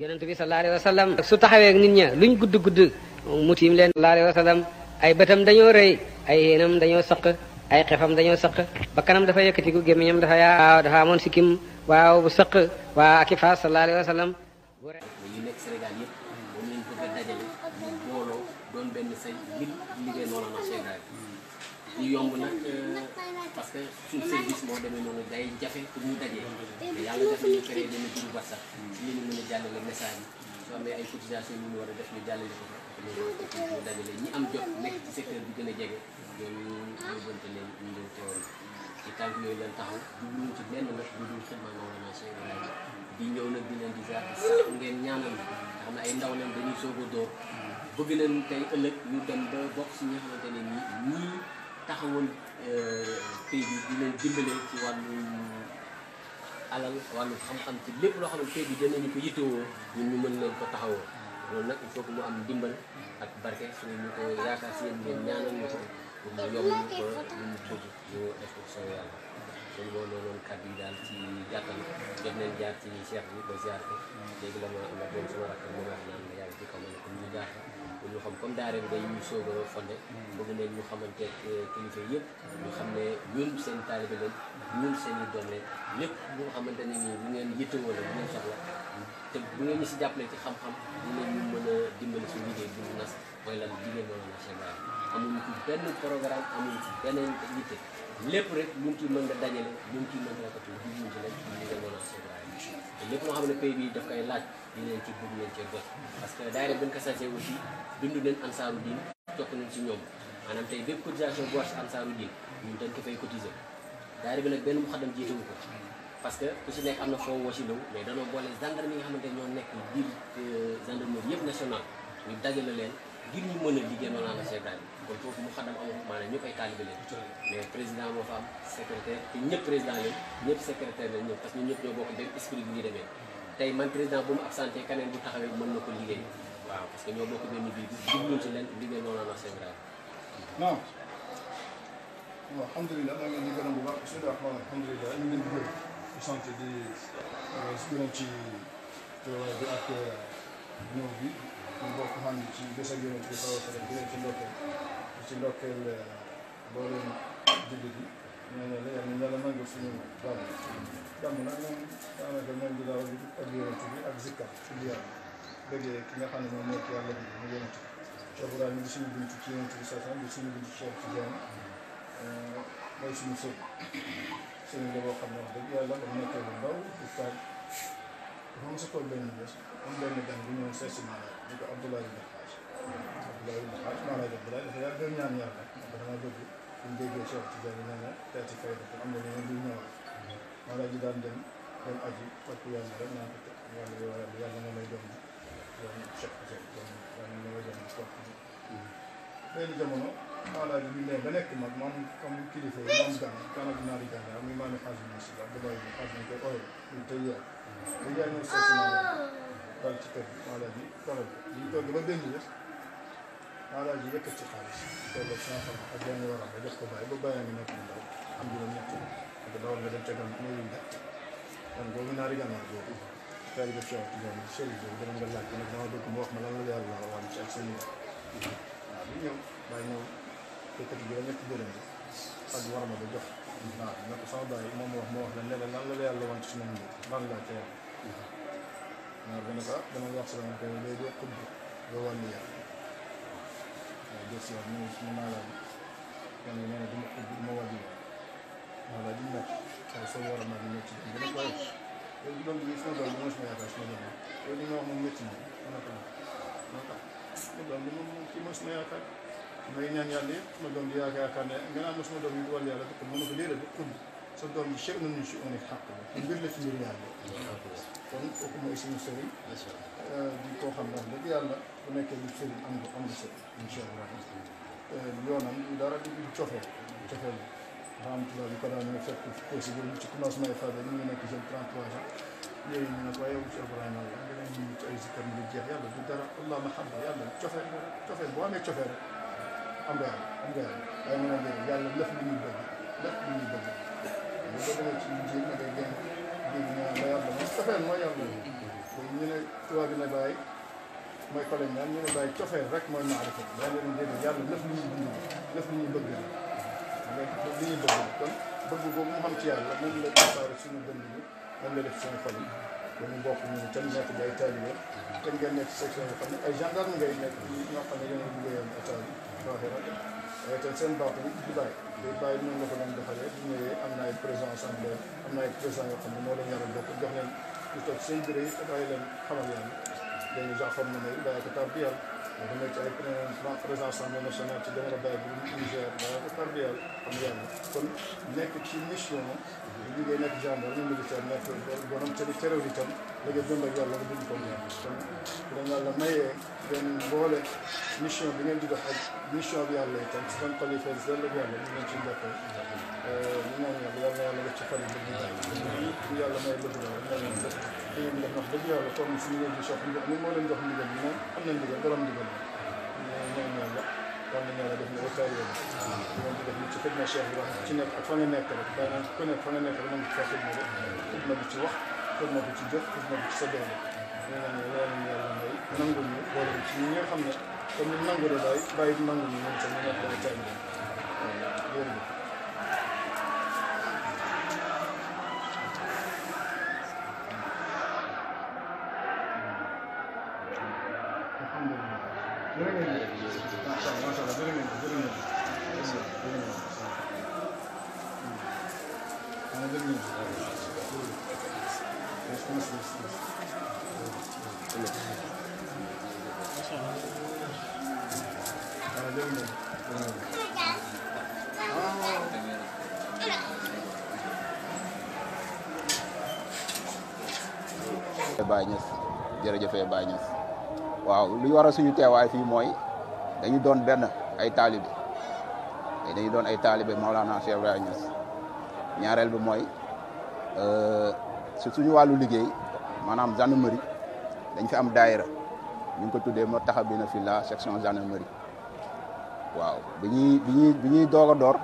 yonent bi sallallahu su taxawee nit ña luñ gudd gudd mu tiim leen sallallahu alayhi wa sallam ay bëtam dañoo rëy ay yéenam dañoo sëq ay xefam dañoo sëq ba kanam dafa yëkkatiku gémmiñam dafa yaa waaw dafa amoon sikkim waaw bu sëq waa ak i faas sallallahu suuf service moo demee noonu day jafe pour ñu dajee mais yàlla def nañu créé benn groupe WhatsApp si li ñu mën a jàllale message yi soo amee ay cotisation yu ñu war a def ñu jàllale ko fa ñu dajale ñi am jot nekk ci secteur bi gën a jege ñooñu yóbbante leen ñu ñëw teewal ci tànk yooyu leen taxaw dugluñ la nation wala di ñëw di leen di sax ngeen ñaanal ay ndaw leen dañuy soog a door bëgg nañ ñu dem ba bokk si ñi nga xamante tey jii di leen dimbale ci wàllu alal wàllu xam-xam ci lépp loo xam ne tey jii danañu ko yittewoo ñun ñu mën leen ko taxawoo loolu nag il mu am dimbal ak barke suñu ñu ko yaakaar si yéen ngeen ñaanal pour mu yomb ñu ko ñu bëgg ñu def ko sooy yàlla suñ boole woon kàddu yi daal ci gàttal jot nañ jaar ci cheikh bi ba ziar ko léegi la ma ma doon suma rakk ma ne ko ñu jaar ko ñu xam comme daare bi day ñu soogaro ñu xamante euh, kilifa yëpp ñu xam ne ñun seen taalibe lañ ñun seen i doom lañ lépp bu nga xamante ne nii bu ngeen yittewoo la bu ngeen soxla te bu ngeen ñu si jàppale ci xam-xam dimbali suñu liggéey bu ñu nas mooy lan liggéey mooy la Cheikh Ibrahima amuñu ci benn programme amuñu ci beneen yitte lépp rek lu mu mën nga dajale lu mu mën nga ko tudd ñu ci lañ liggéey mooy la Cheikh Ibrahima te lépp moo xam ne pays bii daf koy laaj di leen ci bëgg leen cee jot parce que daayira bi ñu ko sasee aussi bindu leen ansaaru diin topp nañ ci ñoom maanaam tey bépp cotisation bu war si ansaaru diin dañ ko fay cotiser daayira bi nag benn mu xadam jiitewu ko parce que ku si nekk am na foo woo si law mais danoo boole gendarme yi nga xamante ñoo nekk biir euh, gendarmerie yëpp national ñu dajale leen ngir ñu mën a liggéey noonu la chef daal kon foofu mu xadam amul maanaam ñu am secrétaire ñu ñëpp bu mu absenté na ko liggéey di gërëm sant di euh, gërëm ci teewaay bi ak euh, ñëw bi ñu bokk xam ci bés ak yonent bi sallallahu alayhi wa sallam di leen ci ndokkeel di ci ndokkeel euh, mbooleem jullit yi ñu ne la yàlla yàlla nangu suñu di daal ak yonent bi ak zikkar tudd ki nga xam moom nekk yàlla bi mu yonent bi Cheikh Ibrahima ñu ngi suñu buntu ci yonent bi sallallahu alayhi wa sallam di suñu buntu ci Cheikh ci jàmm mooy suñu sëriñ la boo xam ne wax dëgg yàlla ba nekkee lu ndaw di faat dafa mos a toll benn bés am benn gan bu ñëw seet si maanaam di ko Abdoulaye Ibn Hadj Abdoulaye Ibn Hadj maanaam Abdoulaye dafa yaa gën ñaan yàlla ndax dama bëgg buñ déggee Cheikh Tidiane nee na teeti fay dafa am na leneen luy ñëwal ji daan dem dem aji topp yàlla rek naan ko yàlla yow yàlla yàlla may doon doon Cheikh Tidiane doon benn jamono xaaral bi ñu ne ba nekk mag maam am kilifa yi maam gan kanam ñaari gan am ñu maami xaaj bi si ak doy bi xaaj bi koy ma ñu tey yaay te yaay ñëw seet maa dal ci bi toog ñu toog ba benn bés xaaral ak sama xam ak benn war a ko bàyyi ba bàyyi nekk ndaw am juróom ñett ak dawal nga dem laa boobu mu wax ma lan yëkkati juróom-ñetti dërëm bi ak war ma ba jox waaw ne ko sama bàyyi moom wax moo wax la ne la lan la la yàlla wàcc si moom bi lan laa ca yàlla waaw dana ko ah dama wax si dama koy léegi xubb ba wàllu yàlla waaw jël si waat mu ne maa laa man nee na dama xubb ma wàllu yàlla maa laa di nekk waaye soo war a mën a ñëw ci dama ko wax léegi doom bi sama doom bi mooy sama yaakaar sama doom bi loolu li nga wax moom métti na ma ne ko ah ma ne ko ah ma doom bi moom ci mooy sama yaakaar may ñaan yàlla yëpp ma doom di yaakaar ne gannaaw ma suma doom yi wàllu yàlla dëkk mën na ko léera bi kun sa doom yi chek nañu si on est xàq la mbir la ci mbir yàlla kon kooku mooy suñu sëriñ di koo xam ndax dëgg yàlla bu nekkee lu sëriñ am am lu sëriñ incha allah yoonam du dara di du cofeel cofeel bi am tubaab yi ko daan ñu fekk aussi bu ci commencement fab ñu ngi nekk jeune 33 ans yooyu ñu ne ko yow ci Ibrahima la nga ne ñu ci ay sikkar ñu jeex yàlla du dara allah ma xam yàlla cofeel cofeel boo amee cofeel rek am na am na ay manager yàlla lëf li ñuy bëgg lëf li ñuy bëgg bu ko defee ci njiit na ngay génn dégg naa la yàlla mooy cofeel mooy yàlla mooy te ñu ne tubaab bi ne bàyyi mooy collège naan ñu ne bàyyi cofeel rek mooy maarifa daa leen dégg yàlla lëf li ñuy dund lëf li ñuy bëgg la li ñuy bëgg kon bëgg boobu mu xam ci yàlla moom la tasaare suñu dënd bi moom la def suñu xol yi dañu bokk ñun tam nekk di ay taalibe te ngeen nekk section yoo xam ne ay gendarme ngay nekk ñoo xam ne yéen a liggéeyam état bi zaahiran te seen baatin du bàyyi te bàyyi noonu la ko doon doxalee bu ñëwee am na ay président assemblée am na ay président yoo xam ne moo leen yàlla bokk jox leen ñu toog seen biir yi bàyyi leen xamal yàlla dañu sax xam ne ne bàyyi ko tàmbali yàlla bu nekk ci ay présence assemblée nationale ci jamono baay bi Niger dana ko tarbiyal am yàlla kon nekk ci mission ñu ngi nekk gendarme militaire nekk bonam teri terreur itam la nga dund ak yàlla nga dund ko ñaan kon dina yàlla mayee ngeen boole mission bi ngeen di def ak mission bi yàlla itam si seen xol yi fees dell ak yàlla ñu leen ci mbokkal ñu ñaan yàlla yàlla yàlla nga ci xol yi bëgg yàlla may bëgg la te ñun nag wax dëgg yàlla kon suñu yëngu di soxla ndox mi moo leen jox ndigal bi moom am na ndigal borom ndigal la ñoom ñoom la kon nag yàlla def na ba taay yooyu. moom di def ci xëj na cheikh bi wax ci nekk ak fa nga nekk rek daanaka ku nekk fa nga nekk rek na nga ci fekk na rek xëj na bu ci wax xëj na bu ci jëf xëj na bu ci sa doole. ñu ne ñu yàlla ñu yàlla may nangu ñu boole ci ñi nga xam ne comme ni nangu la bàyyi bàyyi nangu ñu moom tamit ñu nekk la taay yooyu. Baye Niass jërëjëfee Baye Niass waaw lu waral suñu teewaay fii mooy dañu doon benn ay taalibe dañu doon ay taalibe Maolana Cheikh Ibrahima Niass ñaareel bi mooy su euh, suñu wàllu liggéey maanaam gendarmerie dañ fi am daayira ñu ko tuddee moo taxa bi fi la section gendarmerie waaw bi ñuy bi ñuy bi ñuy doog a door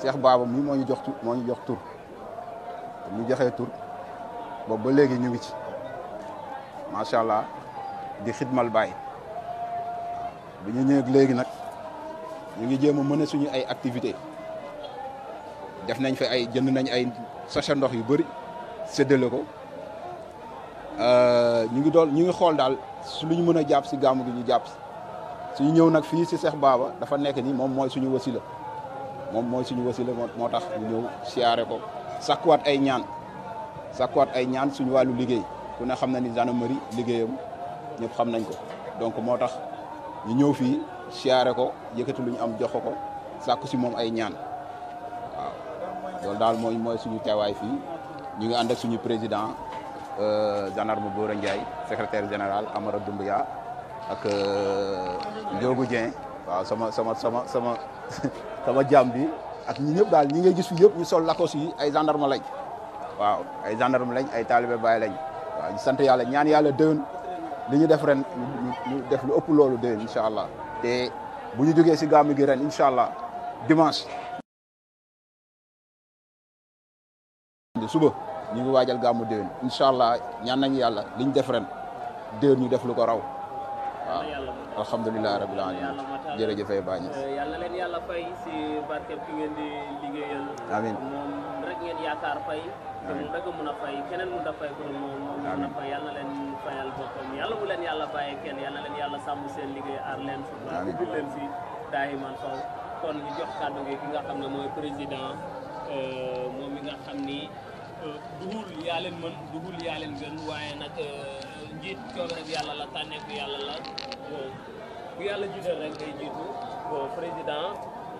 Cheikh Baba mi moo ñu jox moo ñu jox tur ñu joxee tur boobu ba léegi ñu ngi ci macha allah di xidmal baay bi ñu ñëwee léegi nag ñu ngi jéem a mën a suñu ay activité def nañ fi ay jënd nañ ay sachet ndox yu bëri séddale ko euh, ñu ngi dool ñu ngi xool daal su lu ñu mën a jàpp si gàmmu gi ñu jàpp suñu ñëw nag fii si Cheikh Baba dafa nekk ni moom mooy suñu wasila moom mooy suñu wasila moo tax ñu ñëw siyaare ko sakkuwaat ay ñaan sakkuwaat ay ñaan suñu wàllu liggéey ku ne xam na ni gendarmerie liggéeyam ñëpp xam nañ ko donc moo tax ñu ñëw fii siyaare ko yëkkati lu ñu am jox ko ko si moom ay ñaan waaw loolu daal mooy mooy suñu teewaay fii ñu ngi ànd ak suñu président euh, gendarme Gora Ndiaye secretaire général Amara Doumbouya ak euh, Ndiogou Dieng waaw sama sama sama sama sama jàmm bi ak ñi ñëpp daal ñi ngay gis fi yëpp ñu sol lakos yi ay gendarme lañ waaw ay gendarme lañ ay taalibe baay lañ waaw ñu sant yàlla ñaan yàlla déwén li ñu def ren ñu def lu ëpp loolu déwén incha allah bu ñu jógee si gàmmu gi ren allah dimanche. suba ñu waajal gàmmu déwén incha allah ñaan nañu yàlla li ñu def ren déwén ñu def lu ko raw waaw. alhamdulilah rabil alamin jërëjëf Baye Niass. yàlla fay si barkeb rek ngeen yaakaar fay te mu dëgg a fay keneen mun a fay ko moom mun a fay yàlla na leen fayal boppam yàlla bu leen yàlla bàyyee kenn yàlla na leen yàlla sàmm seen liggéey aar leen sutura ubbil leen fi daayi man faw kon ñu jox kàddu gi ki nga xam ne mooy président euh, moom mi nga xam ni euh, duhul yaa leen mën duhul yaa leen gën waaye nag euh, njiit coono rek yàlla la tànneeku yàlla la bu yàlla jiital rek jiitu bon président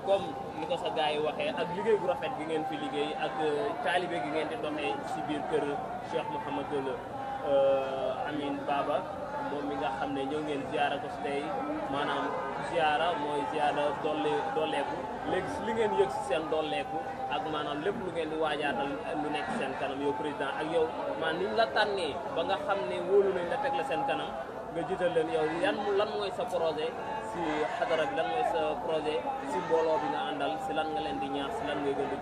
comme ni ko sa gars yi waxee ak liggéey bu rafet gi ngeen fi liggéey ak euh, taalibe gi ngeen di doxee si biir kër Cheikh Mouhamadul euh, Amin Baba moom mi nga xam ne ñëw ngeen ziara ko si tey maanaam ziara mooy ziara dolle dolleeku léegi li ngeen yëg si seen dolleeku ak maanaam lépp lu ngeen di waajaatal lu nekk seen kanam yow président ak yow maanaam ni la tànnee ba nga xam ne wóolu nañ la teg la seen kanam nga jiital leen yow yan lan mooy sa projet si xadara bi lan mooy sa projet si mbooloo bi nga àndal si lan nga leen di ñaar si lan ngay di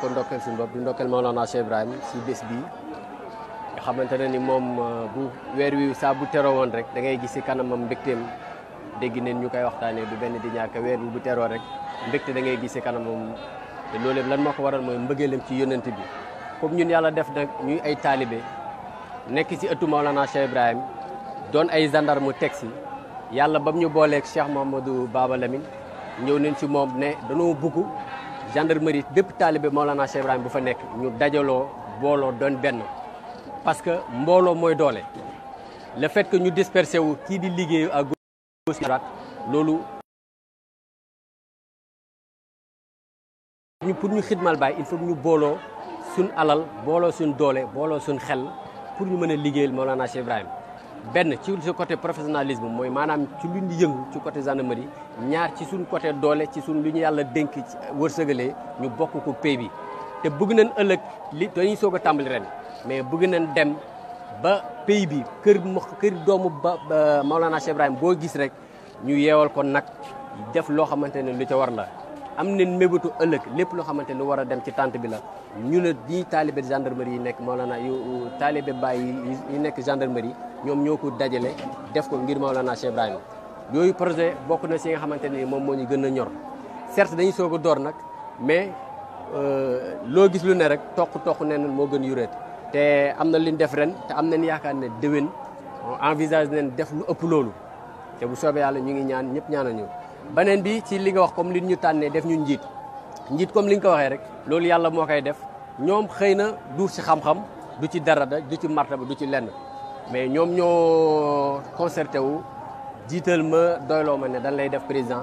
ko ndokkeel suñu bopp di ndokkeel Maolana si bés bi nga xamante ne ni moom uh, bu weer wi saa bu teroo woon rek da ngay gis si kanamam mbégteem dégg neen ñu koy waxtaanee du benn di ñàkk weer bu teroo rek mbégte da ngay si kanamam te lan moo ko waral mooy mbëggeelam ci yónnent bi. comme ñun yàlla def nag ñuy ay taalibe nekk ci ëttu Maolana Cheikh Ibrahim doon ay gendarme taxi yàlla bam ñu booleeg Cheikh Mouhamadou Baba Lamine ñëw nañ ci moom ne danoo bugg gendarmerie bépp taalibe Maolana Cheikh Ibrahim bu fa nekk ñu dajaloo booloo doon benn parce que mbooloo mooy doole la fait que ñu dispersé wu kii di liggéeyu ak gauche loolu pour ñu xidmal baay il faut ñu booloo suñ alal booloo suñ doole booloo suñ xel pour ñu mën a liggéeyal Mawlana Cheikh Ibrahima benn ci su côté professionnalisme mooy maanaam ci lu ñu yëngu ci côté gendarmerie ñaar ci suñ côté doole ci suñ lu ñu yàlla dénk wërsëgalee ñu bokk ko pay bi te bëgg nañ ëllëg li dañuy soog a tàmbali ren mais bëgg nañ dem ba pay bi kër kër doomu ba Mawlana Cheikh Ibrahima boo gis rek ñu yeewal ko nag def loo xamante ne lu ca war la am nañ mébétu ëllëg lépp loo xamante lu war a dem ci tante bi la ñu ne ñii taalibe gendarmerie yi nekk Maolana yu taalibe baay yi nekk gendarmerie ñoom ñoo ko dajale def ko ngir Maolana Cheikh Ibrahima yooyu projet bokk na si nga xamante ni moom moo ñu gën a ñor certes dañuy soog a door nag mais euh, loo gis lu ne rek toq toq ne moo gën yuréet te am na li def ren te am nañ yaakaar ne déwén envisage nañ def lu ëpp loolu te bu soobee yàlla ñu ngi ñaan ñëpp ñaanal ñu beneen bi ci li nga wax comme lii ñu tànnee def ñu njiit njiit comme li nga ko waxee rek loolu yàlla moo koy def ñoom xëy na du ci xam-xam du ci dara da du ci martaba du ci lenn mais ñoom ñoo concerté wu jiital ma doyloo ma ne dañ lay def président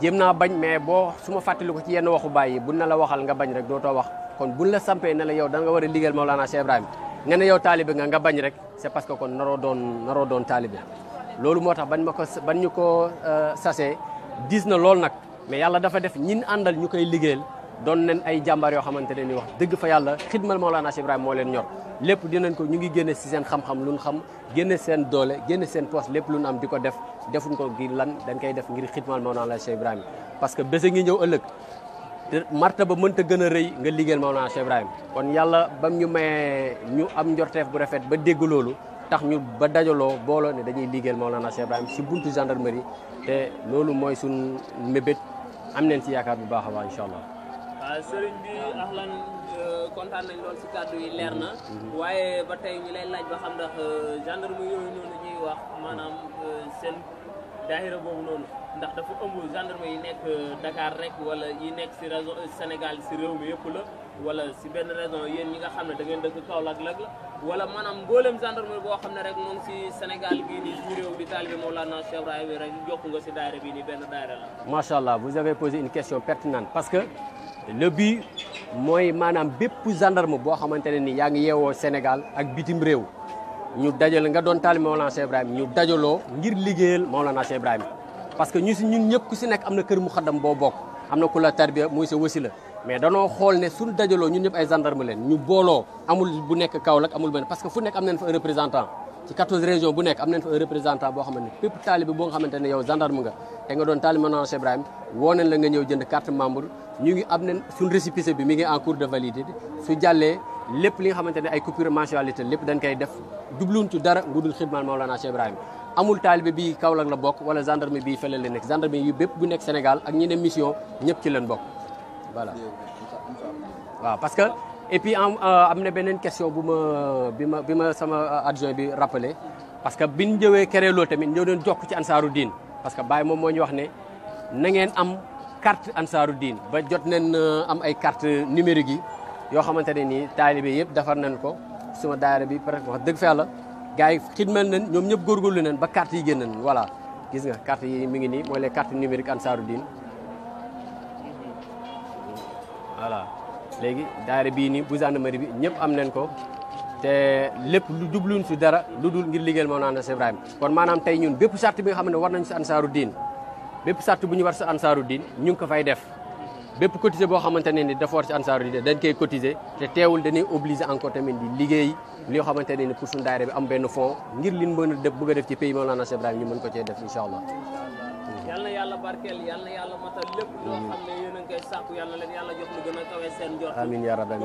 jéem naa bañ mais boo su ma ko ci yenn waxu bàyyi bu na la waxal nga bañ rek doo too wax kon buñ la sampee na la yow da nga war a liggéeyal Maulana Cheikh Ibrahima nga ne yow taalibe nga nga bañ rek c'est parce que kon naroo doon naroo doon taalibe loolu moo tax ban ma ko ban ñu ko euh, sase diis na lool nag mais yàlla dafa def ñin àndal ñu koy liggéeyal doon leen ay jàmbaar yoo xamante ne ni wax dëgg fa yàlla xidmal Mawlana Cheikh Ibrahima moo leen ñor lépp dinañ ko ñu ngi génne si seen xam lu ñu xam génne seen doole génne seen poos lépp lu ñu am di ko def defuñ ko ngir lan dañ koy def ngir xidmal Mawlana Cheikh Ibrahima parce que bés ngi ñëw ëllëg marta ba mënta gën a rëy nga liggéeyal Mawlana Cheikh Ibrahima kon yàlla bam ñu mayee ñu am njorteef bu rafet ba dégg loolu tax ñu ba dajaloo booloo ne dañuy liggéeyal Maolana Cheikh Ibrahim si buntu gendarmerie te loolu mooy suñ mébét am neen si yaakaar bu baax a baax incha allah. waaw ah, sëriñ bi ahlan euh, kontaan nañ lool si kàddu yi leer na. Mm-hmm. Mm-hmm. waaye ba tey ñu lay laaj ba xam ndax euh, gendarmerie yooyu noonu ñuy wax maanaam euh, seen daahira boobu noonu ndax dafa ëmb gendarmerie yi nekk Dakar rek wala yi nekk si réew mi yëpp la. wala si benn raison yéen ñi nga xam ne da ngeen dëkk Kaolack lag la wala maanaam mboolem gendarmerie boo xam ne rek moom si Sénégal gii nii suñu réew bi taalibe Mawlana Cheikh la. macha allah vous question pertinente parce que le but mooy maanaam bépp gendarme boo xamante ne ni yaa ngi yeewoo Sénégal ak bitim réew ñu dajale nga doon taalibe Mawlana Cheikh Ibrahim ñu dajaloo ngir liggéeyal Mawlana Cheikh Ibrahim parce que ñu si ñun ñëpp ku si nekk am na kër mu xaddam boo bokk am na ku la tarbiya muy sa wasila mais danoo xool ne suñu dajaloo ñun ñëpp ay gendarme leen ñu booloo amul bu nekk Kaolack amul benn parce que fu nekk am nañ fa un représentant ci 14 régions bu nekk am nañ fa un représentant boo xamante ne bépp taalibe boo nga xamante ne yow gendarme nga te nga doon taalibe Maolana am nañ suñ récépissé bi mi ngi en cours de validité su jàllee lépp li nga xamante ne ay coupure mensualité lépp dañ koy def jubluwuñ ci dara ngudul xidmal Maolana Cheikh Ibrahim amul taalibe bi Kaolack la bokk wala gendarme bii fële la nekk gendarme yi bépp bu nekk Sénégal ak ne mission ñëpp ci leen bokk voilà waaw parce que et puis euh, am na beneen question bu ma bi ma bi ma sama adjoint bi rappelé parce que biñ ñëwee créé loolu tamit ñoo doon jokk ci an ansaaru diin parce que baay moom moo wax ne na ngeen am carte ansaaru diin ba jot nañ euh, am ay carte numérique yi yoo xamante ne nii taalibe yëpp defar nañ ko suma daayira bi presque wax dëgg fa yàlla gars yi xidmal nañ ñoom ñëpp góorgóorlu nañ ba carte yi génn nañ voilà gis yi mi ngi nii mooy les cartes numériques ansaaru diin voilà léegi daara bii nii bu mari bi ñëpp am nañ ko te lépp lu jubluñ si dara lu dul ngir liggéeyal Mawlana Cheikh Ibrahima kon maanaam tey ñun bépp sart bi nga xam ne war nañ si ansaaru diin bépp sart bu ñu war si ansaaru diin ñu ngi ko fay def bépp cotisé boo xamante ne ni dafa war si ansaaru diin dañ koy cotisé te teewul dañuy obligé encore tamit di liggéey loo xamante ne ni pour suñu daara bi am benn foo ngir liñ mën a def bëgg a def ci pays Mawlana Cheikh Ibrahima ñu mën ko cee def incha allah yal na yàlla barkeel yal na yàlla matal lépp loo xam ne yéen a ngi koy leen yàlla jox lu gën a kawe seen njort amiin yaa rabbi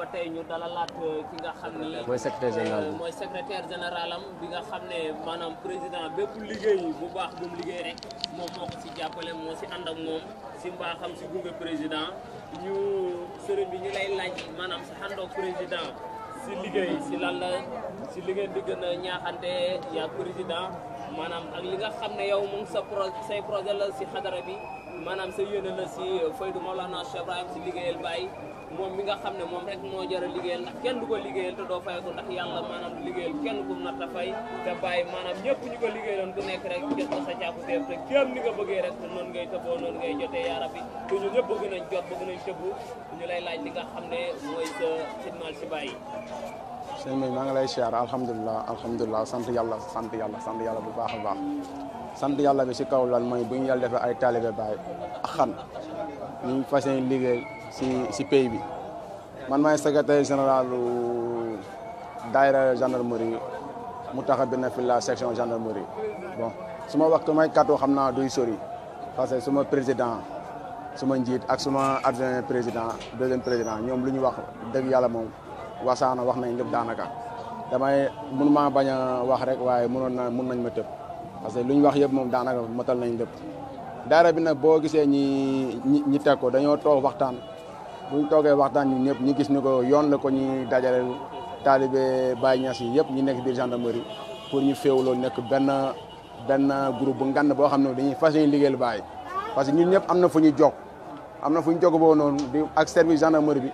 ba tey ñu dalalaat euh, ki nga xam ne mooy secrétaire général euh, mooy secrétaire général bi nga xam ne maanaam président bépp liggéey bu baax bu mu liggéey rek moom moo ko si jàppale moo si ànd ak moom si mbaaxam si gunge président ñu sëriñ bi ñu lay laaj maanaam sa àndoog président si liggéey si lan la si li ngeen di gën a ñaaxante yaa président maanaam ak li nga xam ne yow mu ngi sa pro say projet la si xadara bi maanaam sa yéene la si faydu Mawlana Cheikh Ibrahim si liggéeyal bàyyi moom mi nga xam ne moom rek moo jar a liggéeyal ndax kenn du ko liggéeyal te doo fay ko ndax yàlla du liggéeyal kenn ku nar fay te bàyyi maanaam ñëpp ñu ko liggéeyaloon ku nekk rek jot ko sa càkkuteef te kéem ni nga bëggee rek noonu ngay tëboo noonu ngay jotee yaara bi te ñun ñëpp bëgg nañ jot bëgg nañ tëbu ñu lay laaj li nga xam ne mooy sa xidmaal si bàyyi. sëñ bi maa ngi lay siyaar alhamdulilah alhamdulilah sant yàlla sant yàlla sant yàlla bu baax baax sant yàlla bi si kaw lan mooy bu ñu yàlla defee ay taalibe baay ak xan ñu fas liggéey si si pays bi man maay secrétaire général daayira gendarmerie mu tax a benn fi la section gendarmerie bon su ma wax ko may kàddu xam naa duy sori parce que suma président suma njiit ak suma adjoint président deuxième président ñoom lu ñu wax dëgg yàlla moom wasaana wax nañ lépp daanaka damay mun maa bañ wax rek waaye mënoon na mun nañ ma tëb parce que lu ñu wax yëpp moom daa daanaka motal nañ lépp daara bi nag boo gisee ñi ñi teg ko dañoo toog waxtaan bu ñu toogee waxtaan ñun ñëpp ñu gis ni ko yoon la ko ñuy dajaleel taalibe Baye Niass yi yëpp ñu nekk biir mari pour ñu féewloo nekk benn benn groupe bu ngann boo xam ne dañuy fas yéene liggéeyal baay parce que ñun ñëpp am na fu ñu jokk am na fu ñu jokk noonu di ak service gendarmerie bi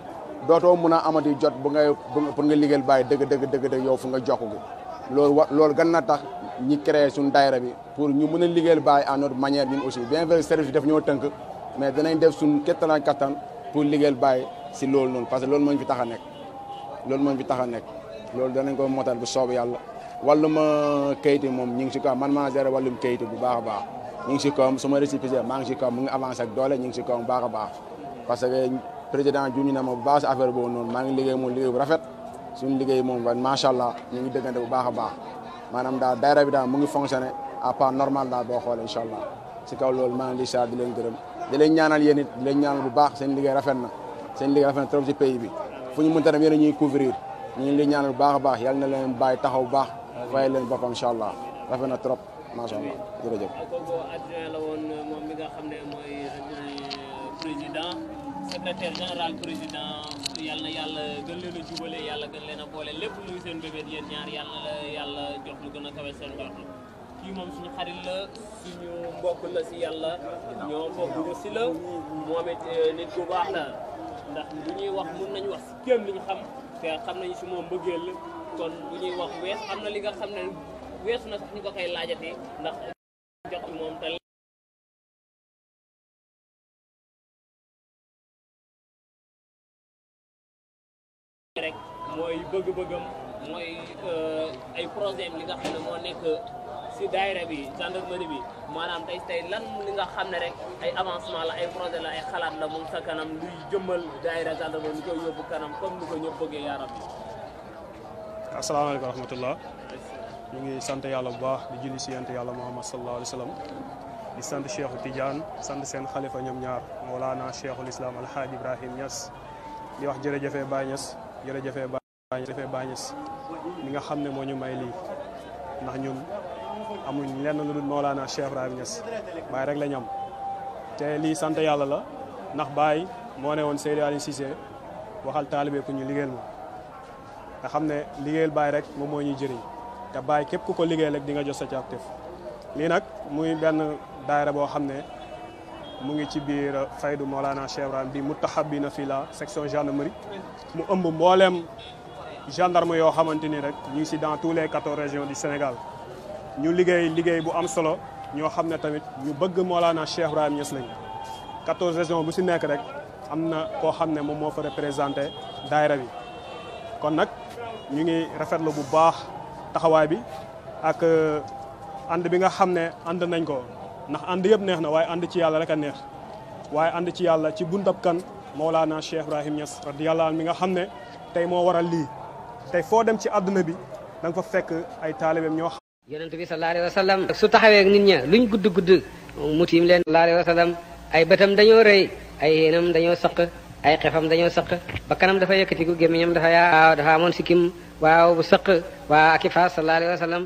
dootoo mun a amati jot bu ngay pour nga liggéeyal baay dëgg dëgg dëgg dëgg yow fu nga jokk gi loolu wa loolu gën na tax ñi créé suñu daayira bi pour ñu mun a liggéeyal Baye à notre manière ñun aussi bien vrai service def ñoo tënk mais danañ def suñu kettalan kattan pour liggéeyal Baye si loolu noonu parce que loolu moo ñu fi tax nek nekk loolu moo ñu fi tax a nekk danañ ko motal bu soob yàlla wàllum euh, kayit yi moom ñu ngi si kaw man maa géré wàllum kayit bu baax baax ñu ngi si kawam su ma récépissé maa ngi si kawam mu ngi avancé ak doole ñu ngi si kawam baax a baax parce que président juñu na bu baax si affaire boobu maa ngi liggéey moom liggéey bu rafet moom man macha allah ñu ngi dëggante bu baax baax maanaam daa daayira bi daal mu ngi fonctionné à part normal daal boo xoolee incha allah si kaw loolu maa di saa di leen gërëm di leen ñaanal yéen it di bu baax seen liggéey rafet na seen liggéey rafet na trop si pays bi fu ñu mënta dem yéen ñuy couvrir ñu ngi leen ñaanal bu baax a baax yàlla na leen baay taxaw bu baax fayal leen boppam incha allah rafet na trop macha allah jërëjëf. comme la secrétaire général président yal na yàlla gën leen a jubale yàlla gën leen a boole lépp luy seen bébét yéen ñaar yàlla yàlla jox lu gën a kawe seen jox kii moom suñu xarit la suñu mbokk la si yàlla ñoo bokk ñu si la moom it euh, nit bu baax la ndax bu ñuy wax mun nañu wax si kéem li ñu xam te xam nañu si moom mbëggeel la kon bu ñuy wax wees am na li nga xam ne weesu na sax ñu ko koy laajatee ndax rek mooy bëgg-bëggam mooy euh, ay projet moo nekk si daayira bi gendarmerie bi maanaam tey tey lan li nga xam ne rek ay avancement la ay xalaat la moom sa kanam luy jëmmal daayira gendarmerie lu koy yóbbu kanam comme ni ko ñëpp bëggee yaaram bi asalaamaaleykum wa rahmatullah ngi sant yàlla bu baax di julli si yent yàlla muhammad sallallahu alayhi wa sant seen xalifa ñoom ñaar moolaana cheikhul islam alhaaj ibrahim Niass di wax jërëjëfe Baye Niass jërëjëfee jafe Bañes mi nga xam ne moo ñu may lii ndax ñun amuñ lenn lu dul Mawlana Cheikh Ibrahim Niass Baye rek la ñu am te lii sant yàlla la ndax baay moo ne woon Seydi Aliou Cissé waxal taalibe ku ñu liggéeyal moo nga xam ne liggéeyal baay rek moom moo ñuy jëriñ te baay képp ku ko liggéeyal rek di nga jot sa caakteef lii nag muy benn daayira boo xam ne mu ngi ci biir faydu Mawlana Cheikh Ibrahim bi mutahabina fi la section gendarmerie mu ëmb mbooleem gendarme yoo xamante ni rek ñu ngi si dans tous les quatorze régions du Sénégal ñu liggéey liggéey bu am solo ñoo xam ne tamit ñu bëgg Mawlana Cheikh Ibrahim Niass lañ quatorze régions bu si nekk rek am na koo xam ne moom moo fa représenté daayira bi kon nag ñu ngi rafetlu bu baax taxawaay bi ak euh, ànd bi nga xam ne ànd nañ ko ndax and yëpp neex na waaye ànd ci yàlla ci a neex waaye ànd ci yàlla ci buntab kan Mawlana Cheikh Ibrahim Niass radiyallahu mi nga xam ne tey moo waral lii tey foo dem ci àdduna bi da nga fa fekk ay taalibeem ñoo xam. yonent bi sallallahu alayhi wa sallam su taxawee nit ña luñ gudd gudd mu tiim leen sallallahu alayhi wa sallam ay bëtam dañoo rëy ay yéenam dañoo saq ay xefam dañoo saq ba kanam dafa yëkkatiku gémmiñam dafa yaa waaw dafa amoon sikkim waaw bu saq waa a faas sallallahu alayhi wa sallam